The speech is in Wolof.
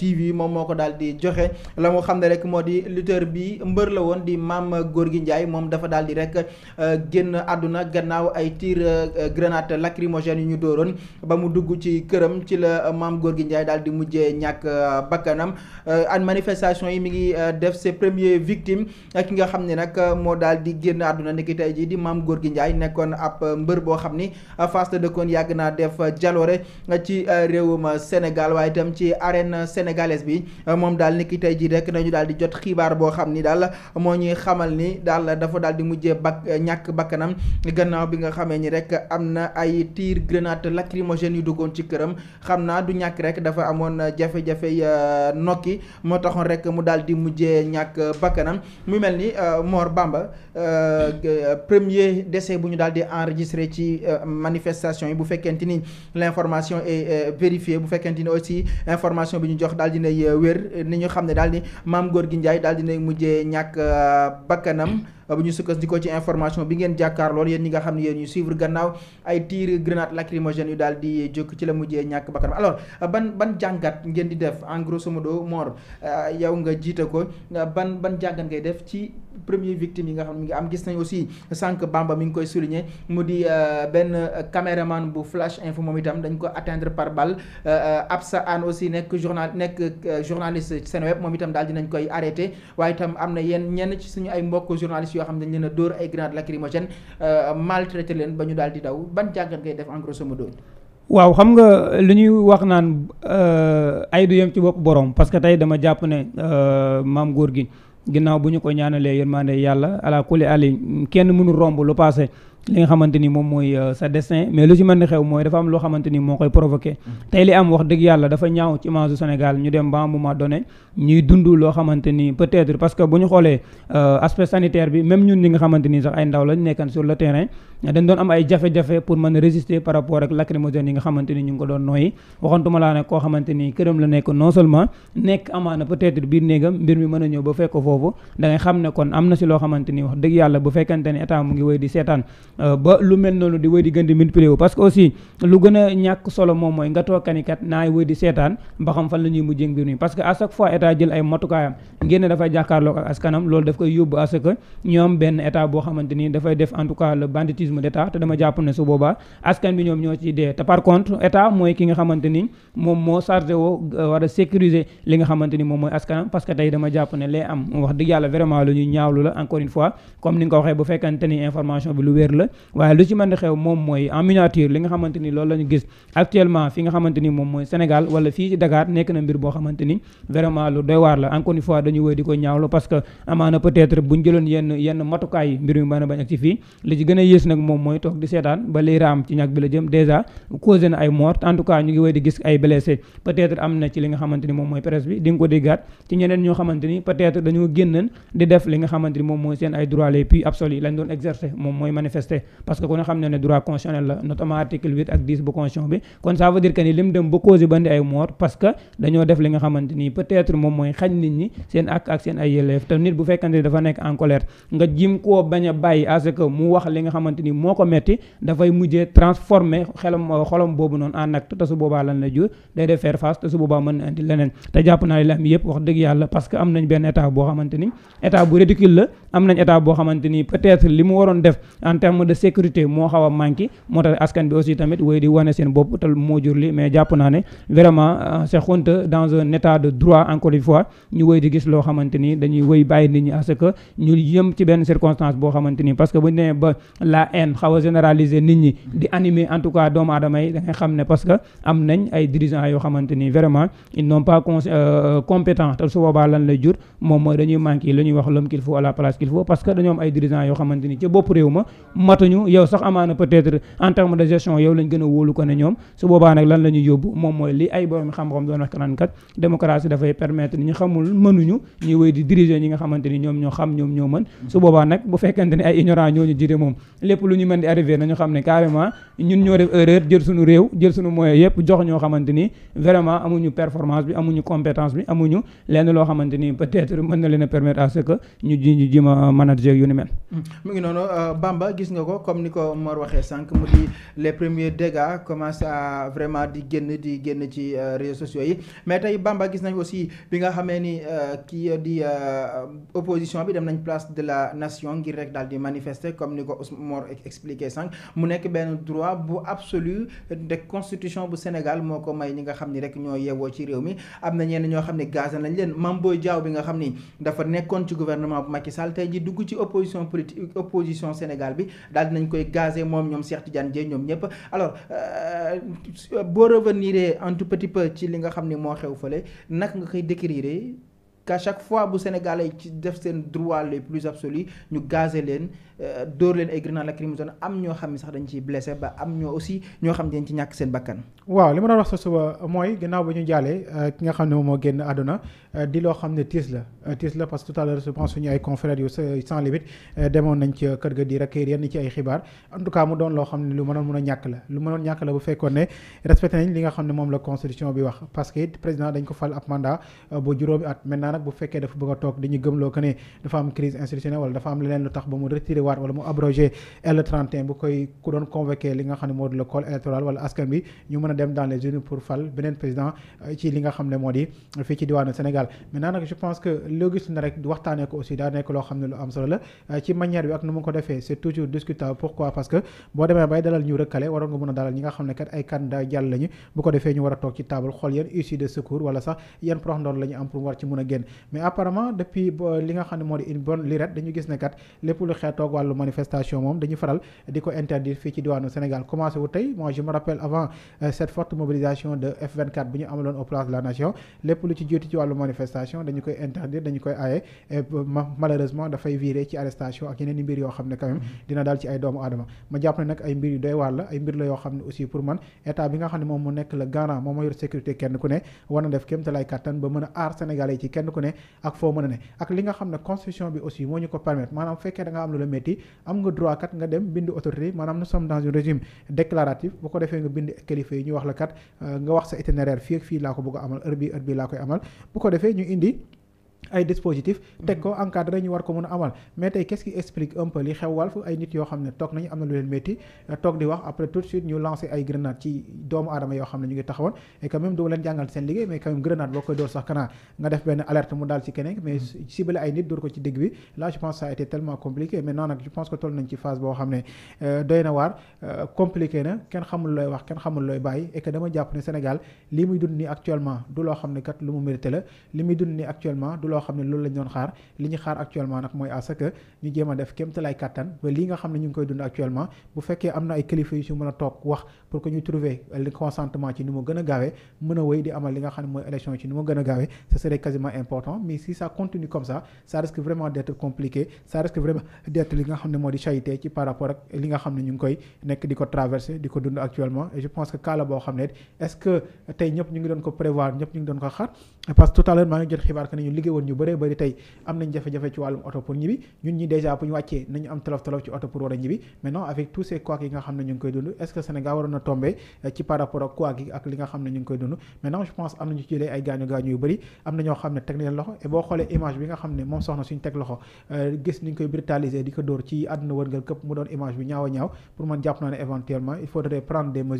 TV moom moo ko daal di joxe la moo xam ne rek moo di lutteur bi mbër la woon di maam góor gi njaay moom dafa daal di rek euh, génn àdduna gannaaw ay tir euh, grenade lacrymogène yu ñu dooroon ba mu dugg ci këram ci la maam góor gi njaay daal di mujjee ñàkk euh, bakkanam ak manifestation yi mi ngi def premier premiers victimes ki nga xam ne nag moo daal di génn àdduna niki tey jii di maam gi njaay nekkoon ab mbër boo xam ni Fass la dëkkoon yàgg naa def jaloore ci réewum Sénégal ci arène sénégalaise bi euh, moom daal ni ki tey jii rek dañu daal di jot xibaar boo xam ni daal moo ñuy xamal ni daal dafa daal di mujjee bak euh, ñàkk bakkanam gannaaw bi nga xamee ni rek am na ay tir grenade lacrymogène yu duggoon ci këram xam naa du ñàkk rek dafa amoon jafe-jafe euh, nokki moo taxoon rek mu daal di mujjee ñàkk bakkanam mu mel ni Mor Bamba premier décès bu ñu daal di enregistré ci manifestation yi bu fekkente ni l' information est bu fekkente ni aussi daal dinay eh, wér eh, ni ñu xam ne daal di maam góor gi Njaay daal dinay mujjee ñàkk eh, bakkanam bu ñu sukkandikoo ci information bi ngeen jàkkaar lool yéen ñi nga xam ne yéen ñu suivre gannaaw ay tir grenade lacrymogène yu daal di jóg ci la mujjee ñàkk bakkanam alors ban ban jàngat ngeen di def en grosso modo Mor euh, yow nga jiite ko ban ban jàngat ngay def ci premier victime yi nga xam ne mi ngi am gis nañ aussi sànq Bamba mi ngi koy souligner mu di euh, benn caméraman bu flash info moom itam dañ ko atteindre par balle euh, sa Anne aussi nekk journal nekk journaliste Seneweb moom itam daal dinañ koy arrêté waaye itam am na yenn ñenn ci suñu ay mbokk journaliste yoo xam ne dañ leen a dóor ay grenades lacrymogènes euh, maltraité leen ba ñu daal di daw ban jàngat ngay def en grosso modo. waaw xam nga lu ñuy wax naan euh, ay du yem ci bopp borom parce que tey dama jàpp ne euh, maam góor gi ginnaaw bu ñu ko ñaanalee yërmande yàlla ala ali kenn mënul romb lu passé. li nga xamante ni moom mooy euh, sa destin mais lu ci mën di xew mooy dafa am loo xamante ni moo koy provoqué tey li am wax dëgg yàlla dafa ñaaw ci image Sénégal ñu dem ba un moment donné ñuy dund loo xamante ni peut-être parce que bu ñu xoolee euh, aspect sanitaire bi même ñun ñi nga xamante ni sax ay ndaw lañu nekkan sur le terrain dañ doon am ay jafe-jafe pour mën résister par rapport ak lacrymogène yi nga xamante ñu ngi doon nooyi waxantuma koo xamante këram la nekk non seulement nekk amaana peut-être biir néegam mbir mi mën a ñëw ba fekk foofu da ngay xam ne kon am na si loo xamante ni wax dëgg yàlla bu fekkante ni état mu ngi wéy di seetaan euh, ba lu mel noonu di wéy di gën di multiplier wu parce que aussi lu gën a ñàkk solo moom mooy nga tookanikat naay wéy ay motukaayam banditisme d'État te dama jàpp ne su boobaa askan bi ñoom ñoo ci dee te par contre état mooy ki nga xamante ni moom euh, a sécuriser li nga xamante ni moom mooy askanam parce que tey dama jàpp ne lay am wax dëgg yàlla vraiment lu ñuy ñaawlu la encore une fois comme ni nga waxee bu fekkante ni information bi lu wér la waaye lu ci mën di xew moom mooy en miniature li nga xamante ni loolu la gis actuellement fi nga xamante moom mooy Sénégal wala fii Dakar nekk na mbir boo xamante ni lu doy a bañ ak ci moom mooy toog di seetaan ba liy raam ci ñàkk bi la jëm dèjà causé na ay mort en tout cas ñu ngi woy di gis ay blessé peut am na ci li nga xamante moom mooy presse di nga ko déggaat ci ñeneen ñoo xamante ni dañoo génnan di def li nga xamante moom mooy seen parce que ku ne xam ne ne droit constitutionnel la notamment article ak 10 bu constitution bi kon ça veut ni lim dem ba causé bandi ay mort parce que dañoo def li nga xamante ni moo ko metti dafay mujjee transformer xelam euh, boobu noonu en te su boobaa lan la jur day def faire face te su boobaa mën na indi leneen te jàpp naa la am yëpp wax dëgg yàlla parce que am nañ benn état boo xamante peut-être li mu waroon def en terme de sécurité moo xaw a manqué moo tax askan bi aussi tamit way di wane seen bopp te moo jur mais jàpp naa ne vraiment euh, c'est honteux dans un état de droit encore une ñu wéy di gis loo xamante ni dañuy wéy bàyyi nit haine nit ñi di animer en tout cas doomu aadama yi da xam ne parce que am nañ ay dirigeants yoo xamante ni euh, bopp réew ma matuñu yow sax amaana peut-être en de gestion yow lañ gën wóolu ko ne ñoom su boobaa nag lan la yóbbu moom mooy li ay borom xam-xam doon wax kanaan kat démocratie dafay permettre ñu xamul mënuñu ñuy wéy di diriger ñi nga xamante ñoom ñoo xam ñoom ñoo mën su boobaa nag bu fekkente ne ay ignorant ñooñu jiite moom lépp lu ñu mën di arrivé nañu xam ne carrément ñun ñoo def erreur jël suñu réew jël suñu moyen yëpp jox ñoo xamante ni vraiment amuñu performance bi amuñu compétence bi amuñu lenn loo xamante ni peut-être mën na leen permettre à ce que ñu ji ji ma manager yu ni mel. Mm. mu ngi noonu euh, Bamba gis nga ko comme ni ko Mor waxee sànq mu di les premiers dégâts commencent à vraiment di génn di génn ci euh, réseaux sociaux yi mais tey Bamba gis nañ aussi bi nga xamee ni euh, kii di opposition bi dem nañ place de la nation ngir rek daal di manifester comme expliqué sànq mu nekk benn droit bu absolu de constitution bu Sénégal moo ko may ñi nga xam ni rek ñoo yeewoo ci réew mi am na ñenn ñoo xam ne gaza nañ leen Mame Boye Diao bi nga xam ni dafa nekkoon ci gouvernement bu Macky Sall tey ji dugg ci opposition politique opposition Sénégal bi daal dinañ koy gazé moom ñoom Cheikh Tidiane Dièye ñoom ñëpp alors euh, boo revenir un tout ci li nga xam ni moo xew fële naka nga koy décrire qu'à chaque fois bu sénégalais ci def seen droit les plus absolus ñu gazé leen euh, dóor leen ay grenades lacrymogènes am ñoo xam ne sax dañ ciy blessé ba am ñoo aussi ñoo xam ne dañ ci ñàkk seen bakkan waaw li ma doon wax sa suba mooy gannaaw ba euh, ki nga xam ne moom moo génn àdduna euh, di loo xam ne tiis la tiis la parce que tout à l'heure je pense suñu ay confrères yu sans limite demoon nañ ci kër ga di recueillir yenn ci ay xibaar en mu doon loo xam ne lu mënoon mën a ñàkk la lu mënoon ñàkk la bu fekkoon ne respecté nañ li nga xam nag bu fekkee dafa bëgg a toog dañuy gëmloo que ne dafa am crise institutionnelle wala dafa am leneen lu tax ba mu retiré waat wala mu abrogé l bu koy ku doon convoqué euh, li nga xam ne moo di fii ci diwaanu Sénégal maintenant nag je pense que loo gis na rek waxtaanee ko aussi daa nekk loo xam ne lu am solo la euh, ci manière bi ak nu mu ko defee c'est toujours discutable pourquoi parce que boo demee bay dalal ñu rëkkale waroon nga mën a dalal ñi mais apparemment depuis euh, li nga xam ne moo di une bonne lurette dañu gis ne kat lépp lu xeetoog wàllu manifestation moom dañu faral di ko interdire fii ci diwaanu Sénégal commencé wu tey moi je me rappelle avant euh, cette mobilisation de f bu ñu amaloon au place la nation lépp lu ci jiitu ci wàllu manifestation dañu koy interdire dañu koy aaye malheureusement dafay virer ci arrestation ak yeneen i mbir yoo xam ne quand même mm-hmm. dina daal ci ay doomu aadama ma jàpp ne nag ay mbir yu yoo xam ne aussi pour man état bi nga xam moom mu nekk la garant kenn ku ne war na def a aar Sénégalais ci kenn kenn ne ak foo mën a ne ak li nga xam ne constitution bi aussi moo ñu ko permettre maanaam fekkee da nga am lu la métti am nga droit kat nga dem bind autorité maanaam nous sommes dans régime déclaratif bu ko defee nga bind kilifa yi ñu wax la kat euh, nga wax sa itinéraire fii fii laa ko bëgg amal heure bi heure bi laa koy amal bu ko defee ñu indi ay dispositif mhm. teg ko encadré ñu war ko mën a amal mais tey quest explique un peu li xew Walf ay nit yoo xam ne toog nañu am na lu leen métti euh, toog di wax après tout suite ñu lancé ay grenade ci doomu aadama yoo xam ne ñu ngi taxawoon et quand même doo leen jàngal seen liggéey mais quand même boo koy door sax kanaa nga def benn alerte mu daal ci keneen mais mhm. ciblé ay nit door ko ci digg bi là je pense ça a été tellement compliqué nag je euh, euh, wax kenn xamul looy bàyyi et que dama jàpp ne Sénégal li muy loo xam ne kat lu mu mérité la li muy loo xam ne loolu lañ doon xaar li ñu xaar actuellement nag mooy à que ñu jéem a def kéemtalaay kattan ba lii nga xam ne ñu ngi koy dund actuellement bu fekkee am na ay kilifa yu si mën a toog wax pour que ñu trouver consentement ci ni mu gën a gaawee mën a wéy di amal li nga xam ne mooy élection ci ni mu gën a gaawee ce serait quasiment important mais si ça continue comme ça ça risque vraiment d'être compliqué ça risque vraiment d'être li nga xam ne moo woon ñu bëree tey am nañ jafe-jafe ci wàllum oto pour ñibbi ñun ñi déjà bu ñu wàccee nañu am tolof tolof ci oto pour war a ñibbi maintenant avec tous ces couacs yi nga xam ne ñu koy dund est-ce euh, je pense am nañu ci ay gaañu gaañu yu bëri am na ñoo xam ne teg nañ loxo boo xoolee image bi nga xam ne moom soxna suñu teg loxo euh, gis niñ koy brutaliser di ko dóor ci àdduna wërngal këpp mu doon image bi ñaaw ñaaw pour man jàpp naa ne éventuellement